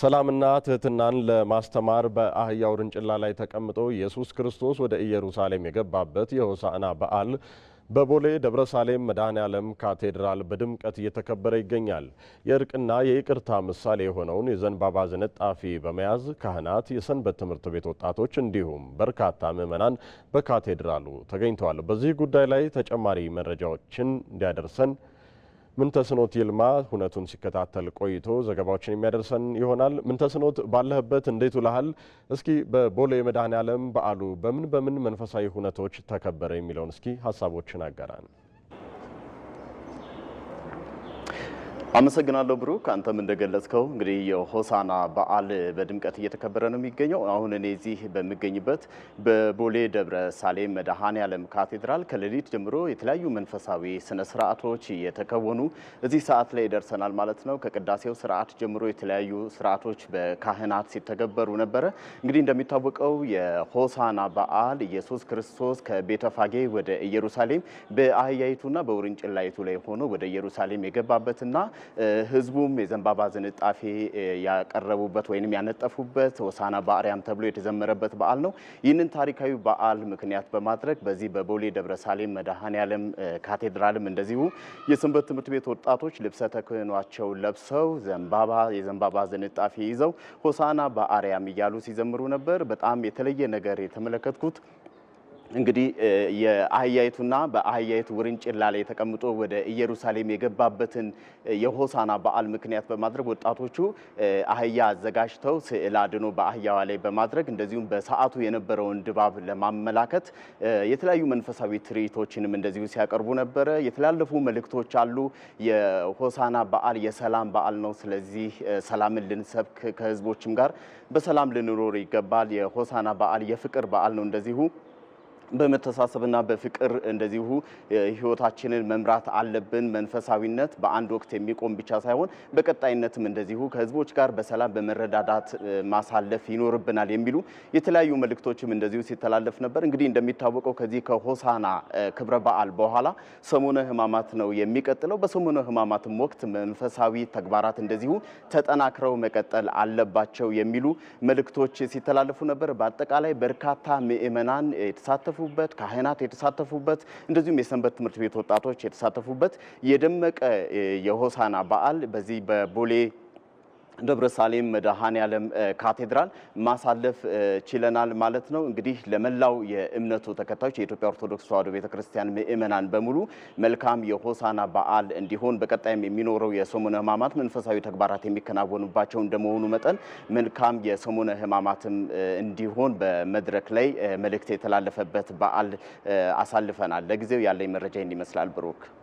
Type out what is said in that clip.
ሰላምና ትህትናን ለማስተማር በአህያ ውርንጭላ ላይ ተቀምጦ ኢየሱስ ክርስቶስ ወደ ኢየሩሳሌም የገባበት የሆሳዕና በዓል በቦሌ ደብረ ሳሌም መድኃኔ ዓለም ካቴድራል በድምቀት እየተከበረ ይገኛል። የእርቅና የይቅርታ ምሳሌ የሆነውን የዘንባባ ዝንጣፊ በመያዝ ካህናት፣ የሰንበት ትምህርት ቤት ወጣቶች እንዲሁም በርካታ ምዕመናን በካቴድራሉ ተገኝተዋል። በዚህ ጉዳይ ላይ ተጨማሪ መረጃዎችን እንዲያደርሰን ምንተስኖት ይልማ ሁነቱን ሲከታተል ቆይቶ ዘገባዎችን የሚያደርሰን ይሆናል። ምንተስኖት ባለህበት እንዴት ውለሃል? እስኪ በቦሌ መድኃኔ ዓለም በዓሉ በምን በምን መንፈሳዊ ሁነቶች ተከበረ የሚለውን እስኪ ሀሳቦችን አጋራን። አመሰግናለሁ ብሩክ። አንተም እንደገለጽከው እንግዲህ የሆሳና በዓል በድምቀት እየተከበረ ነው የሚገኘው። አሁን እኔ እዚህ በሚገኝበት በቦሌ ደብረ ሳሌም መድኃኔዓለም ካቴድራል ከሌሊት ጀምሮ የተለያዩ መንፈሳዊ ስነ ስርዓቶች እየተከወኑ እዚህ ሰዓት ላይ ደርሰናል ማለት ነው። ከቅዳሴው ስርዓት ጀምሮ የተለያዩ ስርዓቶች በካህናት ሲተገበሩ ነበረ። እንግዲህ እንደሚታወቀው የሆሳና በዓል ኢየሱስ ክርስቶስ ከቤተፋጌ ወደ ኢየሩሳሌም በአህያይቱና በውርንጭላይቱ ላይ ሆኖ ወደ ኢየሩሳሌም የገባበትና ህዝቡም የዘንባባ ዝንጣፊ ያቀረቡበት ወይም ያነጠፉበት ሆሳዕና በአርያም ተብሎ የተዘመረበት በዓል ነው። ይህንን ታሪካዊ በዓል ምክንያት በማድረግ በዚህ በቦሌ ደብረሳሌም መድኃኔዓለም ካቴድራልም እንደዚሁ የሰንበት ትምህርት ቤት ወጣቶች ልብሰ ተክህኗቸው ለብሰው ዘንባባ የዘንባባ ዝንጣፊ ይዘው ሆሳዕና በአርያም እያሉ ሲዘምሩ ነበር። በጣም የተለየ ነገር የተመለከትኩት እንግዲህ የአህያይቱና በአህያይቱ ውርንጭላ ላይ ተቀምጦ ወደ ኢየሩሳሌም የገባበትን የሆሳና በዓል ምክንያት በማድረግ ወጣቶቹ አህያ አዘጋጅተው ስዕል አድኖ በአህያዋ ላይ በማድረግ እንደዚሁም በሰዓቱ የነበረውን ድባብ ለማመላከት የተለያዩ መንፈሳዊ ትርኢቶችንም እንደዚሁ ሲያቀርቡ ነበረ። የተላለፉ መልእክቶች አሉ። የሆሳና በዓል የሰላም በዓል ነው። ስለዚህ ሰላምን ልንሰብክ ከህዝቦችም ጋር በሰላም ልንኖር ይገባል። የሆሳና በዓል የፍቅር በዓል ነው እንደዚሁ በመተሳሰብና በፍቅር እንደዚሁ ህይወታችንን መምራት አለብን። መንፈሳዊነት በአንድ ወቅት የሚቆም ብቻ ሳይሆን በቀጣይነትም እንደዚሁ ከህዝቦች ጋር በሰላም በመረዳዳት ማሳለፍ ይኖርብናል የሚሉ የተለያዩ መልእክቶችም እንደዚሁ ሲተላለፍ ነበር። እንግዲህ እንደሚታወቀው ከዚህ ከሆሳና ክብረ በዓል በኋላ ሰሙነ ህማማት ነው የሚቀጥለው። በሰሙነ ህማማትም ወቅት መንፈሳዊ ተግባራት እንደዚሁ ተጠናክረው መቀጠል አለባቸው የሚሉ መልእክቶች ሲተላለፉ ነበር። በአጠቃላይ በርካታ ምእመናን የተሳተፉ የተሳተፉበት፣ ካህናት የተሳተፉበት፣ እንደዚሁም የሰንበት ትምህርት ቤት ወጣቶች የተሳተፉበት የደመቀ የሆሳና በዓል በዚህ በቦሌ ደብረ ሳሌም መድኃኔ ካቴድራል ማሳለፍ ችለናል ማለት ነው። እንግዲህ ለመላው የእምነቱ ተከታዮች የኢትዮጵያ ኦርቶዶክስ ተዋሕዶ ቤተክርስቲያን ምእመናን በሙሉ መልካም የሆሳና በዓል እንዲሆን በቀጣይም የሚኖረው የሰሙነ ሕማማት መንፈሳዊ ተግባራት የሚከናወኑባቸው እንደመሆኑ መጠን መልካም የሰሙነ ሕማማትም እንዲሆን በመድረክ ላይ መልእክት የተላለፈበት በዓል አሳልፈናል። ለጊዜው ያለኝ መረጃ ይህን ይመስላል። ብሩክ